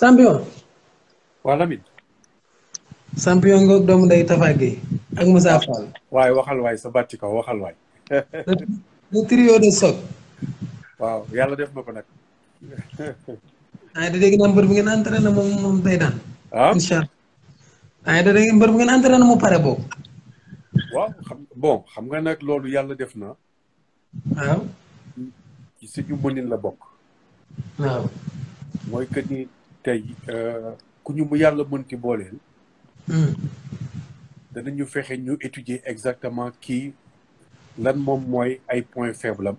champion. waaw Lamine. champion ngoog doomu ndey Tapha Gueye ak Moussa Fall. waay waxal waay sa bàtti kaw waxal waay. le trio de choc. waaw yàlla def na ko nag. ay da dégg mbër bu ngeen entraîné moom moom day daan. ah incha mbër bu ngeen entraîné mu pare boobu. waaw xam bon xam nga nag loolu yàlla def na. waaw. ci suñu mënin la bokk. waaw. mooy que ni tey euh, ku ñu mu yàlla mënti booleel. Hmm. ñu fexe ñu étudier exactement kii lan moom mooy ay point faible am.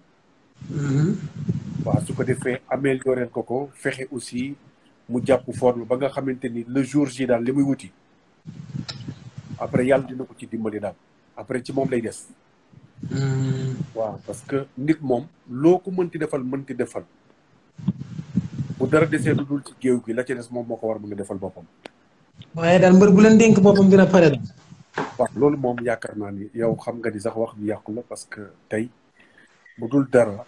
Hmm. waaw su ko defee améliorer ko ko fexe aussi mu jàpp forme ba nga xamante ni le jour ji daal li muy wuti. après yàlla dina ko ci dimbali daal après ci moom lay des. Hmm. waaw parce que nit moom loo ko mënti defal mënti defal. bu dara desee lu dul ci géew gi la ci des moom moo ko war mu ngi defal boppam. waaye daal mbër bu leen dénk boppam dina pare la. waaw loolu moom yaakaar naa ni yow xam nga ni sax wax bi yàqu la parce que tey bu dul dara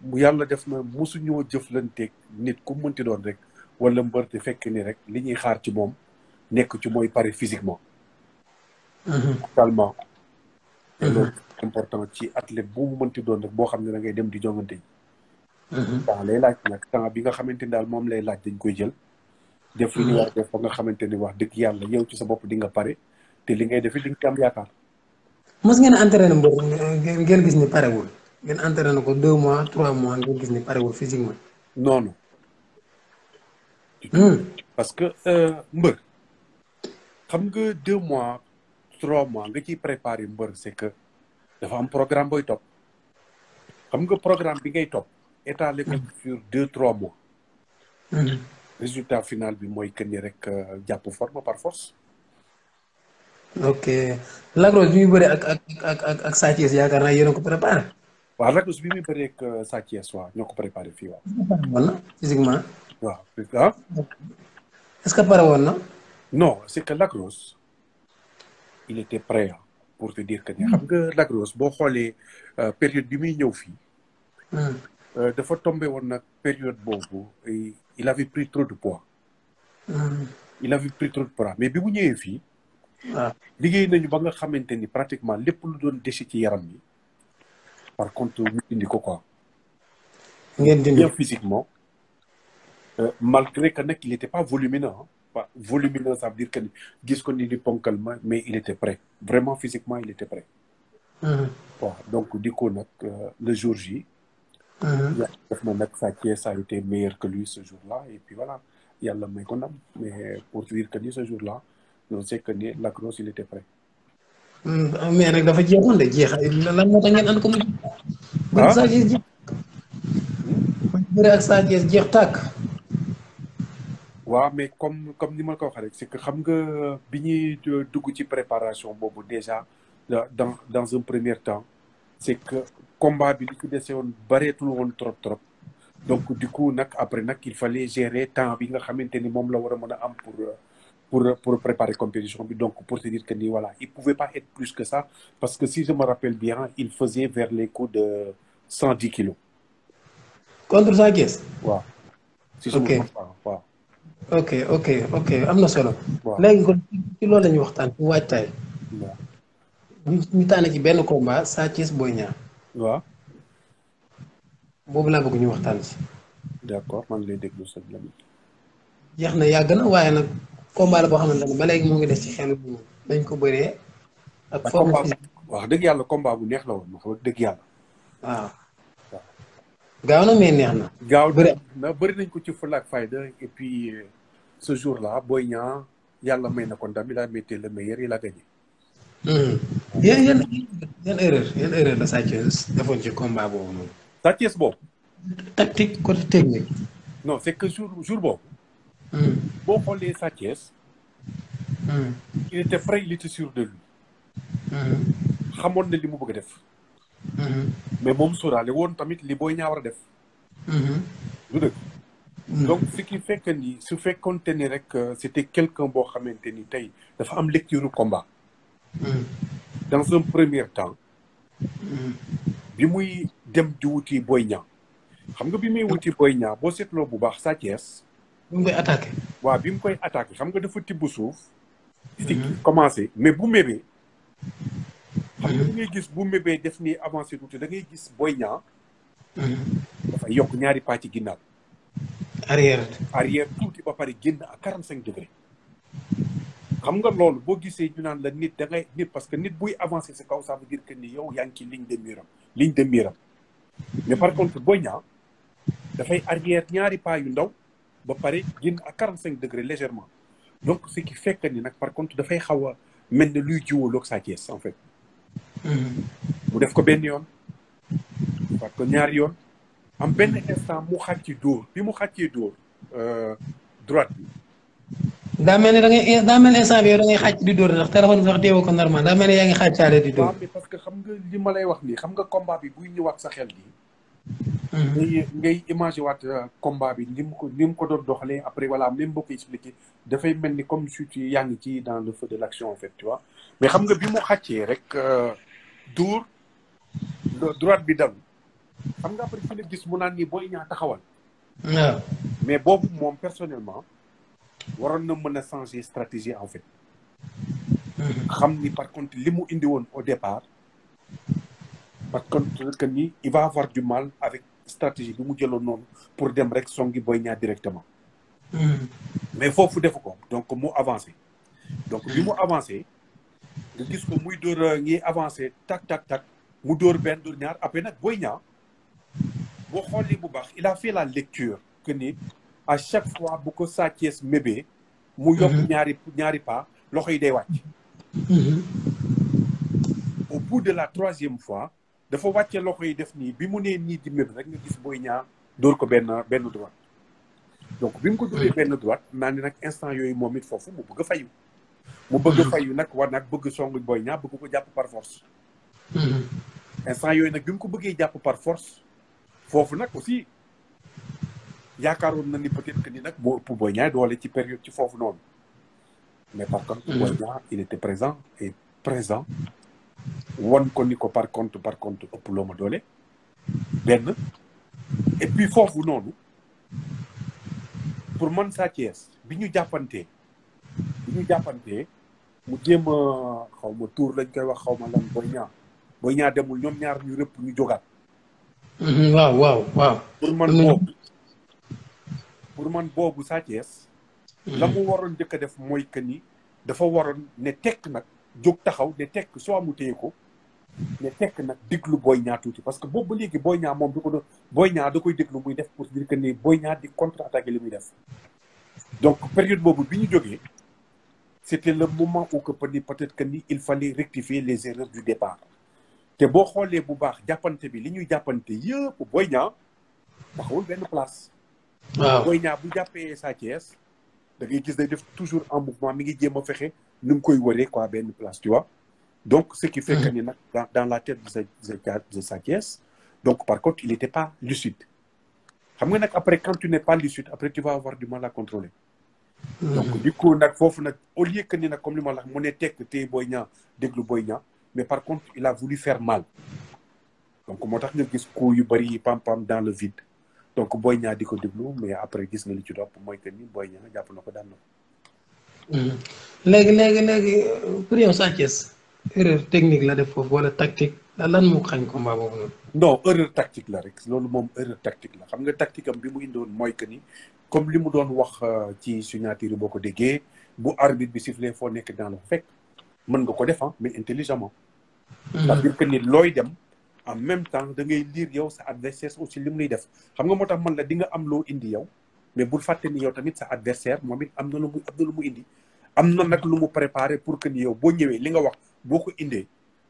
mu yàlla def na mosuñoo jëflanteeg nit ku mënti doon rek wala mbër te fekk nii rek li ñuy xaar ci moom nekk ci mooy pare physiquement. Mhm. totalement. Mhm. loolu important ci athlète bu mu mënti doon rek boo xam ne da ngay dem di jongante Mm-hmm. temps lay laaj nag temps bi nga xamante ni daal moom lay laaj dañ koy jël. def ñu mm-hmm. war nga xamante ni wax dëgg yàlla yow ci sa bopp di nga pare te li ngay def it di nga ci am yaakaar. mos ngeen entraîné mbokk ngeen gis ni parewul ngeen entre na ko deux mois trois mois ngeen gis ni parewul physiquement. noonu. Hmm. parce que euh, mbër xam nga deux mois trois mois nga ciy préparé mbër c'est que dafa am programme booy topp xam nga programme bi ngay topp. étaler ko sur deux trois mois. Mm-hmm. résultat final bi mooy que ni rek euh, jàpp forme par force. ok Lagros bi muy bëri ak ak ak ak ak yaakaar naa yéen a ko préparé. waaw Lagros bi muy bëri ak euh, Sa Thiès waaw ñoo ko préparé fii waaw. wala physiquement. Ah? est-ce que pare woon na. non c'est que Lagros il était prêt pour te dire que ne xam mm-hmm. nga Lagros boo xoolee euh, période bi muy ñëw fii. Mm-hmm. Euh, dafa tombe woon nag période boobu il avait pris trop de poids. Hmm. il avait pris trop de poids mais bi mu ñëwee fii. waaw ah. liggéey nañu ba nga xamante ni pratiquement lépp lu doon déchet ci yaram bi par contre ñu dindi ko quoi. ngeen dindi bien physiquement. Euh, malgré que nag il était pas volumineux pas volumineux ça veut dire que ni gis ko ni di ponkal ma mais il était prêt vraiment physiquement il était prêt. waaw hmm. donc di ko nag euh, le jour J. Mm-hmm. yàlla def na nag Sa a meilleur que lui ce jour-là et puis voilà yàlla may ko ndam mais pour dire que ni ce jour-là on sait que ni Lac Rose il était prêt. Mm-hmm. Ah, mais nag dafa jeexoon de jeex lan moo tax ngeen ànd ko mu. ah jeex. Hmm? bëre ak tàkk. waaw mais comme comme ni ma ko waxee rek c'est que xam nga bi ñuy dugg ci préparation boobu déjà dans dans un premier temps. c'est que combat bi li ci dese woon bareetul woon trop trop donc du coup nag après nag il fallait gérer temps bi nga xamante ni moom la war a mën a am pour euh, pour euh, pour préparer compétition bi donc pour te dire que ni voilà il pouvait pas être plus que ça parce que si je me rappelle bien il faisait vers les coups de cent dix kilos. contre Sa Thiès. ok ok ok am na solo. waaw léegi kon ci loolu la ñuy waxtaan ci ñu tànn ci benn combat Sa Thiès Boy Niang. waaw. boobu laa bëgg ñu waxtaan ci. d'accord man lay déglu sëñ Lamine. jeex na yàgg na waaye nag combat la boo xamante ne ba léegi mu ngi des ci xel bu dañ ko bëree. ak forme wax dëgg yàlla combat bu neex la woon wax dëgg yàlla. waaw. gaaw na mais neex na. gaaw na bëri nañ ko ci fulla ak fayda et puis euh, ce jour là Boy Niang yàlla may na ko ndam il a mérité le meilleur il a gagné. Hmm. yéen yéen yéen erreur yéen erreur la Sa Thiès defoon ci combat boobu noonu. boobu. tactique côté technique. non c'est que jour jour boobu. Hmm. boo xoolee Sa Thiès. Hmm. il était prêt il était sûr de lui. Hmm. xamoon na li mu bëgg a def. mais moom sóoraale woon tamit li booy ñaa a def. lu dëgg. donc ce qui fait que ni su fekkoonte ni rek euh, c'était quelqu'un boo xamante ni tey dafa am lecture combat. dans un premier temps bi muy dem di wuti Boy Niang xam nga bi muy wuti Boy Niang boo seetloo bu baax Sa Thiès bi mu koy attaqué waaw bi mu koy attaque xam nga dafa tibb suuf di mhm. commencé mais bu mébee mhm. xam nga da ngay gis bu mébee def ni avancé tuuti da ngay gis Boy ñaar mhm. dafa yokk ñaari pàcc ginnaaw arrière arrière tuuti ba pare génn à quarante cinq degré xam nga loolu boo gisee ñu naan la nit da nit parce que nit buy avancé si kaw ça veut dire que ni yow yaa ngi ci ligne de mire am ligne de mire am mais par contre boo Niang dafay arrière ñaari pas yu ndaw ba pare gin a quarante cinq degré légèrement donc ce qui fait que ni nag par contre dafay xaw mel ne luy jiwo Sa Thiès en fait mm-hmm. mu def ko benn yoon parce que ñaari yoon am benn instant mu xàcc dóor bi mu xàccee dóor euh, droite bi daa mel ne da ngay daa mel ne instant bi yow da ngay xàcc di door ndax téléphone bi sax teewoo ko normal daa mel ne yaa ngi xàccaale di dóor. parce que xam nga li ma lay wax nii xam nga combat bi buy ñëwaat sa xel gi. Hmm. ngay ngay imagé waat euh, combat bi ni ko ni mu ko doon doxalee après voilà même boo ko expliqué dafay mel ni comme si tu yaa ngi ci dans le feu de l'action en fait tu vois xam nga bi mu xàccee rek euh, dóor bi dalu xam nga après fi mu naan nii booy ñaa taxawal. mais boobu moom personnellement. waroon na mën a changé stratégie en fait. Mhm. xam ni par contre li mu indi woon au départ. par contre que ni il va avoir du mal avec stratégie bi mu jëloon noonu pour dem rek songi Boy ñaar directement. Mhm. mais foofu defu ko donc mu avancé. donc bi mu mhm. avancé. gis ko muy dóor ngi euh, avancé tak tak mu dóor benn dóor ñaar après nag Boy Niang boo xoolee bu baax il a fait la lecture que ni. a chaque fois bu ko Sa Thiès mébee mu yokk mhm. ñaari ñaari pas loxo yi day wàcc mhm. au bout de la troisième fois dafa wàcce loxo yi def nii bi mu nee nii di méb rek nga gis Boy Niang dóor ko benn benn droite donc bi mu ko dóoree benn droite naa ni nag instant yooyu moom it foofu mu bëgg a fayu mu bëgg a mhm. fayu nag war nag bëgg song booy Niang bëgg ko jàpp par force instant yooyu nag bi mu ko bëggee jàpp par force foofu nag aussi yaakaaroon na ni peut-être que ni nag moo ëpp Boy Niang doole ci période ci foofu noonu mais par contre Boy mm. Niang il était présent et présent won ko ni ko par contre par contre ëpp loo ma doole benn et puis foofu noonu pour man Sa bi ñu jàppantee bi ñu jàppantee mu jéem a xaw ma tour lañ koy wax xaw ma lan Boy Niang Boy Niang demul ñoom ñaar ñu rëpp ñu jógaat mm-hmm, waaw waaw waaw pour man boobu Sa Thiès mhm. la mu waroon njëkk a def mooy que ni dafa waroon ne tekk nag jóg taxaw ne tekk soo amu téye ko ne tekk nag déglu Boy Niang tuuti parce que boobu ba léegi Boy Niang moom du ko doon Boy Niang da koy déglu muy def pour dire que ni Boy Niang di contre attaqué li muy def donc période boobu bi ñu jógee c'était la moment où que peut-être que ni il fallait rectifier les erreurs du départ te boo xoolee bu baax jàppante bi li ñuy jàppante yëpp booy Niang taxawul benn place waaw Boy Niang bu jàppee Sa Thiès da ngay gis day def toujours en mouvement mi ngi jéem a fexe nu mu koy waree quoi benn place tu vois donc ce qui fait que mm-hmm. ni dans la tête de sa de Sa donc par contre il était pas lucide xam nga nag après quand tu n'es pas lucide après tu vas avoir du mal à contrôler mm-hmm. donc du coup nag foofu nag au lieu que ni comme li ma la mu ne tekk téye Boy Niang déglu Boy Niang mais par contre il a voulu faire mal donc moo tax nga gis coup yu bëri yi pam-pam dans le vide donc Boy Niang di ko déglu mais après gis nga li ci topp mooy que ni Boy Niang jàpp na ko daan na ko. Mm-hmm. léegi léegi léegi pour yow Sa Thiès technique la def foofu wala tactique lan mu xañ combat boobu noonu. non erreur tactique la rek loolu moom erreur tactique la xam nga tactique bi mu indoon mooy que ni comme li mu doon wax euh, ci signature boo ko déggee bu arbitre bi sifflé foo nekk dans le fekk mën nga ko def ah, mais intelligemment. Mm-hmm. cest à looy dem. en même temps da ngay lire yow sa adversaire aussi li mu lay def xam nga moo tax man la di nga am loo indi yow mais bul fàtte ni yow tamit sa adversaire moom it am na lu mu mu indi am na nag lu mu préparé pour que ni yow boo ñëwee li nga wax boo ko indee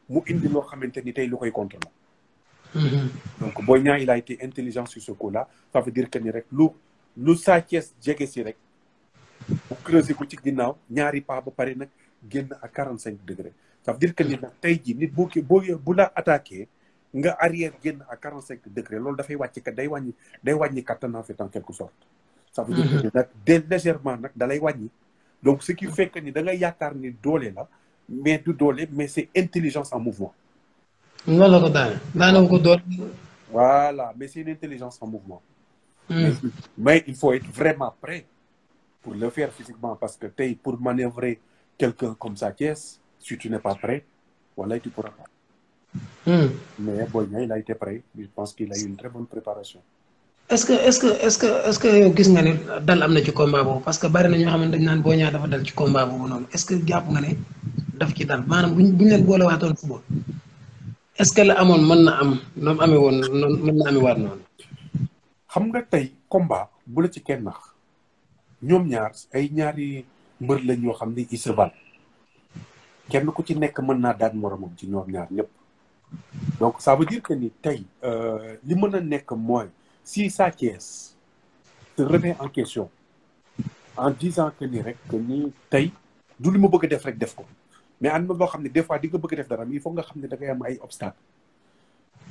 mu indi loo xamante ni tey lu koy contre la mm-hmm. donc Boy Niang il a été intelligent sur ce coup-là ça veut dire que ni rek lu lu Sa Thiès jege si rek bu creuser ko ci ginnaaw ñaari pas ba pare nag génn à quarante cinq degré ça veut dire que ni nag tey ji nit boo boo bu la attaqué nga arrière génn à quarante cinq degré loolu dafay wàcc kat day wàññi day wàññi kattan en fait en quelque sorte ça veut dire que mm-hmm. nag de légèrement nag dalay wàññi donc ce qui fait ni da nga yaakaar ni doole la mais du doole mais c'est intelligence en mouvement noonu la ko daane daane ko doole voilà mais c'est une intelligence en mouvement mm. mais, il faut être vraiment prêt pour le faire physiquement parce que tey pour manœuvrer quelqu'un comme ça Thiès si tu n'es pas prêt voilà tu Mmh. Mais Boy Niang, il a été prêt. Je pense qu'il a eu une très bonne préparation. Est-ce que est-ce que est-ce que est-ce que yow gis nga ne dal am na ci combat boobu parce que bari na ñoo xam dañ naan Boy Niang dafa dal ci combat boobu noonu est-ce que jàpp nga ne daf ci dal maanaam buñ est-ce que la amoon mën na am noonu amee woon noonu mën na amee waat noonu. xam nga tey combat bu la ci kenn nax ñoom ñaar ay ñaari mbër lañ yoo xam ne ils se kenn ku ci nekk mën naa daan moromam ci ñoom ñaar ñëpp. donc ça veut dire que ni tey euh, li mën a nekk mooy si Sa Thiès se remet en question en disant que ni rek que ni tey du li ma bëgg def rek def ko mais am na loo xam ne des fois di nga bëgg a def dara il faut nga xam ne da ngay am ay obstacle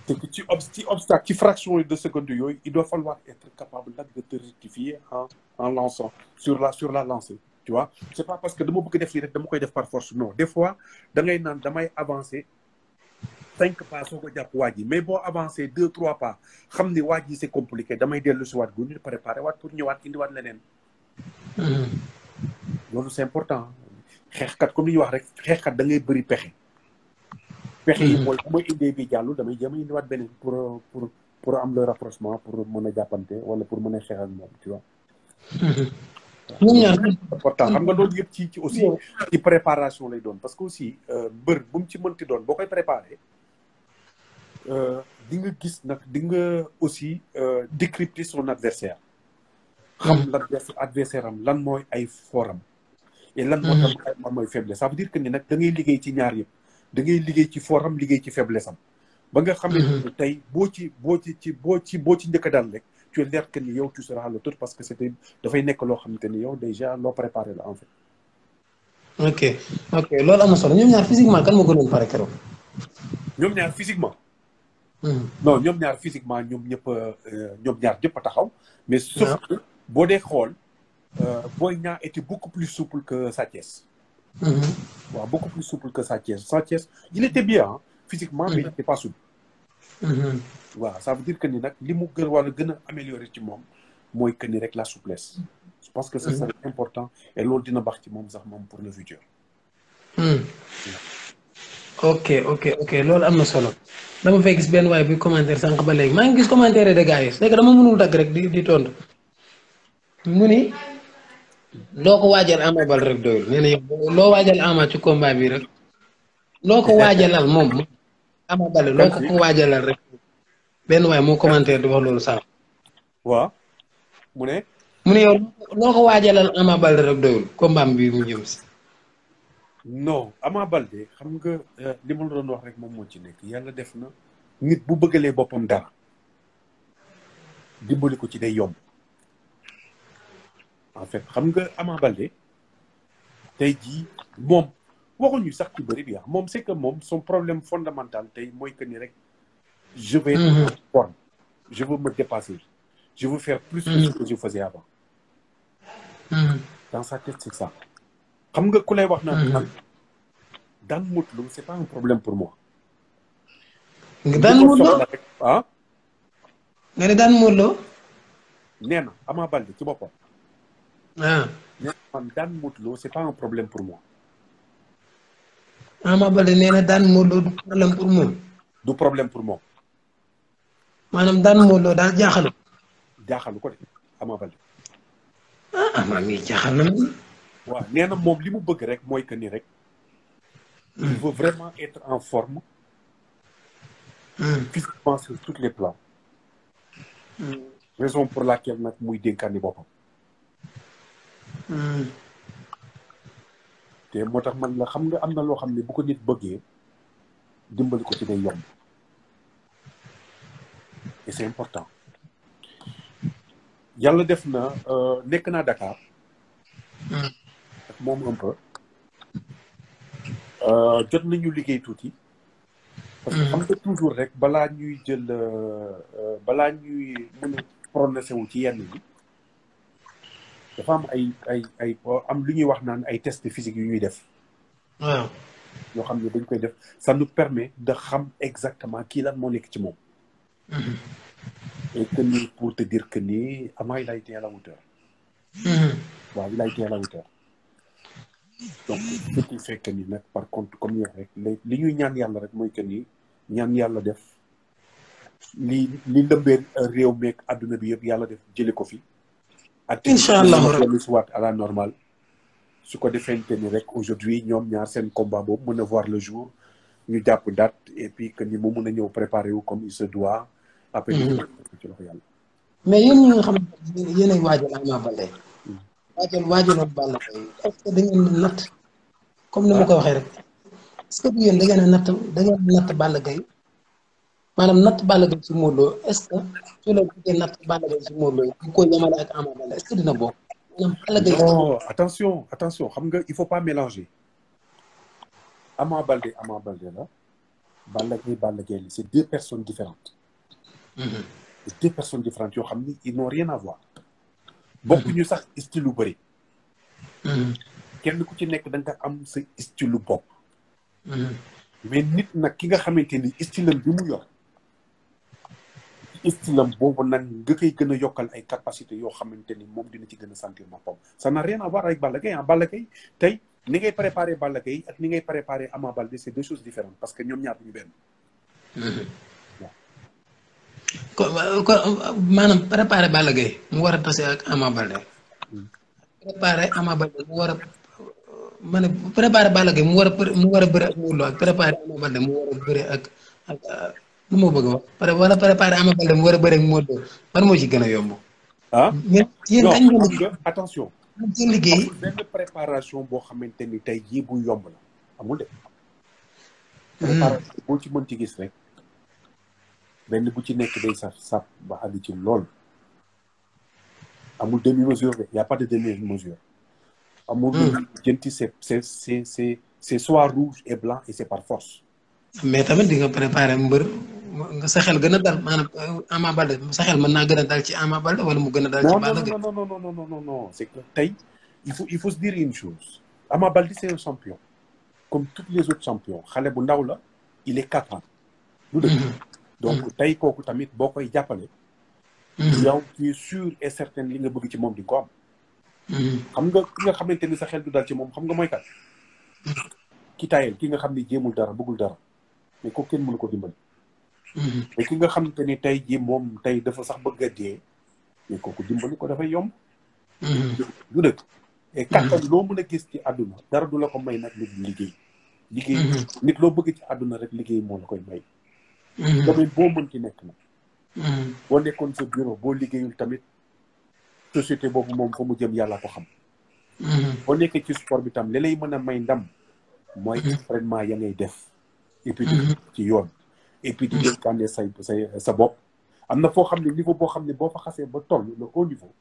te ci ob ci obstacle ci fraction de seconde yooyu il doit falloir être capable nag de rectifier en en lançant sur la sur la lancée tu vois c'est pas parce que dama bëgg def lii rek dama koy def par force non des fois da naan damay avancer cinq pas soo ko jàpp waa ji mais boo avancé deux trois pas xam ni waa ji c'est compliqué damay dellu si waat gu ñu préparé waat pour ñëwaat indiwaat leneen. Hmm. loolu c'est important xeexkat comme li ñuy wax rek xeexkat da ngay bëri pexe. pexe yi mooy bu ma indee bi jàllu damay jéem a indiwaat beneen pour pour pour am le rapprochement pour mën a jàppante wala pour mën a xeex moom tu vois. ñun hmm. ñaar hmm. important xam nga loolu yëpp ci ci aussi ci préparation lay doon parce que aussi euh, bër bu mu ci mënti doon boo koy préparé. Euh, di nga gis nag di nga aussi euh, décrypter son adversaire xam hmm. lan adversaire am lan mooy ay foram et lan moo hmm. tax lan mooy faiblesse ça veut dire que ni nag da ngay liggéey ci ñaar yëpp da ngay liggéey ci foram liggéey ci faiblesse am ba nga xam hmm. ne tey boo ci boo ci ci boo ci boo ci njëkk daan rek tu es leer que ni yow tu seras le tour parce que c'était dafay nekk loo xamante ni yow déjà loo préparé la en fait ok ok loolu am na solo ñoom ñaar physiquement kan moo gënoon pare keroog ñoom ñaar physiquement Hmm. non ñoom ñaar physiquement ñoom ñëpp euh, ñoom ñaar ñëpp a taxaw. mais sauf que boo dee xool. Euh, Boy ñaar était beaucoup plus souple que Sa Thiès. Mm-hmm. waaw beaucoup plus souple que Sa Thiès Sa Thiès il était bien hein, physiquement mais il n'était pas souple. Mm-hmm. waaw ça veut dire que ni nag li mu gën wala gën a améliorer ci moom mooy que ni rek la souplesse. je pense que ça c'est important et loolu dina baax ci moom sax moom pour le futur. Mm-hmm. ok ok ok loolu am na solo dama fay gis benn waay bi commentaire sànq ba léegi maa ngi gis commentaire de gars yi léegi dama mënul dagg rek di di ni loo ko waajal loo waajal Ama ci combat bi rek loo ko waajalal moom Ama Baldé loo ko waajalal rek benn waay moo commentaire di loolu sànq. waaw mu ne. mu ko waajalal Ama Baldé rek bi mu jëm si. non Ama Baldé xam nga euh, li ma la doon wax rek moom moo ci nekk yàlla def na nit bu bëggalee boppam dara dimbali ko ci day yomb en fait xam nga Ama Baldé tey jii moom waxuñu sax ci bëri bi ah, moom c'est que moom son problème fondamental te mooy que ni rek je vais être en forme je veux me dépasser je veux faire plus que mm-hmm. je faisais avant mm-hmm. dans sa tête c'est ça xam nga ku lay wax na man daan Modou mhm. Lo c'est pas un problème pour moi. nga daan Modou Lo ah. nga ne daan Modou Lo. nee na Ama Baldé ci boppam. ah. nee na man daan Modou c'est pas un problème pour moi. Ama Baldé nee na daan Modou Lo du problème pour moom. du problème pour moom. maanaam daan Modou daal jaaxal jaaxal ko de Ama Baldé. ah Ama mi jaaxal na waaw nee na moom li mu bëgg rek mooy que ni rek. il hmm. veut vraiment être en forme. Hmm. physiquement sur tous les plans. Hmm. raison pour laquelle nag muy dénkaani boppam. te moo tax man la xam nga am na loo xam ne bu ko nit bëggee dimbali ko ci day yomb. et c'est important. yàlla def na euh, nekk naa Dakar. ak moom un peu euh, jot nañu liggéey tuuti. parce que mm-hmm. toujours rek balaa ñuy jël euh, euh, balaa ñuy mën a prononcé wu ci yenn yi dafa am ay ay ay am lu ñuy wax naan ay test physique yu ñuy def. waaw. yoo xam ne dañ koy def ça nous permet de xam exactement kii lan moo nekk ci moom. Mm-hmm. et que ni pour te dire que ah, a été à la hauteur. Mm-hmm. waaw il a été hauteur. donc fépp bu fekkee ni nag par contre comme yow li ñuy ñaan yàlla rek mooy que ni ñaan yàlla def li li lëmbee réew meeg àdduna bi yëpp yàlla def jële ko fi. incha allah ak tey à la normale. su ko defente ni rek aujourd'hui ñoom ñaar seen combat boobu mën a voir le jour ñu jàpp date et puis que ni mu mën a ñëw préparer wu comme il se doit. après mm-hmm. ñu ci loxo yàlla. waajoon waajoon Balla est-ce que da natt comme ni ma ko waxee rek est-ce que bu ngeen da natt da ngeen natt Balla Gaye maanaam natt Balla Gaye ci Modou est-ce que su la bëggee natt Balla Gaye ci Modou Lo bu ko yemale ak Ama Baldé est-ce que dina bokk. non attention personnes différentes. Mm-hmm. c'est personnes différentes yoo xam ni ils n'ont rien à ñu sax style lu bëri. Mm-hmm. kenn ku ci nekk da nga am sa style lu bopp. Mm-hmm. mais nit nag ki nga xamante ni style am bi mu yor. estilam boobu nag nga koy gën a yokkal ay capacité yoo xamante ni moom dina ci gën a sentir boppam ça n'a rien à voir avec Balla Gaye ah Balla Gaye tey ni ngay préparé Balla Gaye ak ni ngay préparé Ama Baldé c'est deux choses différentes parce que ñoom ñaar ñu benn mm-hmm. kon maanaam préparé Balla Gaye mu war a tase ak Ama Baldé. préparé Ama mu war a ne mu war a mu war a bëre ak Modou ak préparé Ama Baldé mu war a bëre ak ak lu ma bëgg a wax wala préparé Ama Baldé mu war a bëre ak Modou Lo ban moo ci gën a yomb. ah liggéey. benn boo xamante ni tey jii bu yomb la amul de. Hmm. ci mën ci gis benn bu ci nekk day saf sap ba ànd ci lool amul demi mesure de y' a pas de demi mesure. amul jënti c' est et par force. mais tamit di nga préparé mbër nga sa gën a dal maanaam euh, Ama Baldé sa xel mën naa gën dal ci Ama Baldé wala mu gën a dal. ci Balla Gaye non non non non non non non tey il faut il faut se dire une chose Ama Baldé c' est champion comme tous les autres champions xale bu ndaw la il est quatre ans. lu dëgg. Hmm. donc mm. tey kooku tamit boo koy jàppale. Mm. yaw tu es et certain li nga bëgg ci moom di ko am. Mm. xam nga ki nga xamante ni sa xel du dal ci moom xam nga mooy ki tayel ki nga xam ne jéemul dara bëggul dara mais ko kenn mënu ko dimbali. ki nga xamante ni tey jii moom tey dafa sax bëgg a dee mais kooku dimbali ko dafay yomb. du dëkk. kattan loo mën a gis ci àdduna dara du la ko may nag nit liggéey. liggéey nit loo bëgg ci àdduna rek liggéey moo la koy may. domaine mm-hmm. boo ci nekk nag mm-hmm. boo nekkoon sa bureau boo liggéeyul tamit société boobu moom fa mu jëm yàlla ko xam mm-hmm. boo nekkee ci sport bi tam li lay mën a may ndam mooy entraînement ya ngay def et puis ci yoon et puis di say say sa bopp am na foo xam ne niveau boo xam ne boo fa xasee ba toll le haut niveau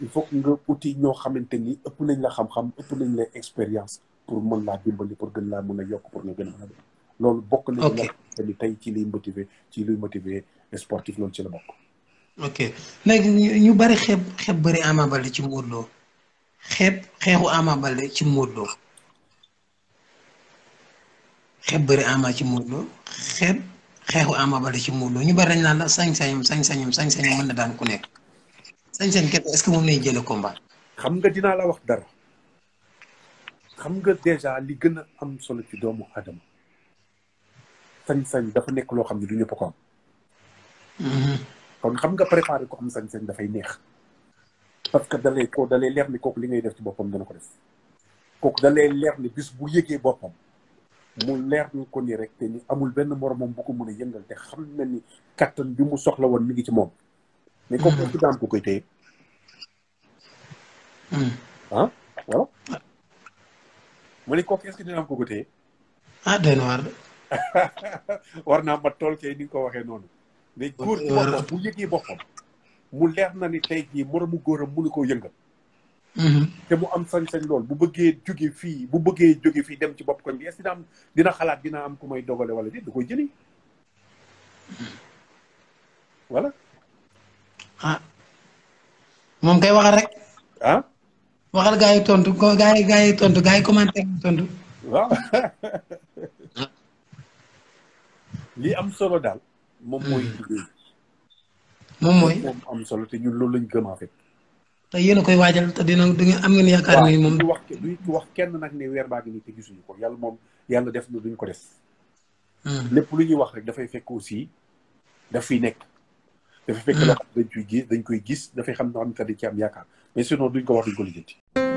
il faut nga uti ñoo xamante ni ëpp nañ la xam-xam ëpp nañ la expérience pour mën laa dimbali pour gën laa mën a yokk pour nga gën a mën a loolu bokk na ci nga tey ci liy motiver ci luy motiver sportif loolu ci la bokk ok léegi ñu bari xeeb xeeb bari Ama Baldé ci Modou Lô xeeb xeexu Ama Baldé ci Modou Lô xeeb bëri Ama ci Modou Lô xeeb xeexu Ama Baldé ci Modou ñu bari dañ naan la sañ-sañam sañ-sañam sañ-sañam mën na daan ku nekk sañ-sañ képp est-ce que moom lay jële combat xam nga dinaa la wax dara xam nga déjà li gën a am solo ci doomu Adama sañ-sañ dafa nekk loo xam ne du ñëpp ko am. Mhm. kon xam nga préparé ko am sañ-sañ dafay neex. parce que dalay ko dalay leer ni kooku li ngay def ci boppam dana ko def. kooku dalay leer ni bis bu yëgee boppam. mu leer ni ko ni rek te ni amul benn moromam bu ko mën a yëngal te xam na ni kattan bi mu soxla woon mi ngi ci moom. mais kooku ci mhm. daam ko koy téye. Mhm. ah mu ne kooku est-ce que ko ko téye. Ah, war naa mat tool kay ni ko waxee noonu. mais góor gi boppam euh, bu yëgee boppam. mu leer na ni tey jii moromu góoram mënu koo yëngal. Mm-hmm. te mu am sañ-sañ lool bu bëggee jóge fii bu bëggee jóge fii dem ci bopp koñ bi est-ce que dina xalaat dina am ku may dogale wala déet da koy jëli. voilà. ah. moom kay waxal rek. ah. waxal gaa yi tontu gaa yi gaa yi tontu gaa yi li am solo daal. moom mooy hmm. liggéey. moom mooy moom am solo te ñun loolu lañ gëm en fait. te yéen a koy waajal te dina dina am ngeen yaakaar ne moom. du wax du wax kenn nag ni weer baa ngi nii te gisuñu ko yàlla moom yàlla def na duñ ko des hmm. lépp lu ñuy wax rek dafay fekk aussi daf fiy nekk. dafay fekk loo hmm. xam dañ koy gis dañ koy gis dafay xam ne am kat dañ ci am yaakaar mais sinon duñ ko wax duñ ko lijjanti.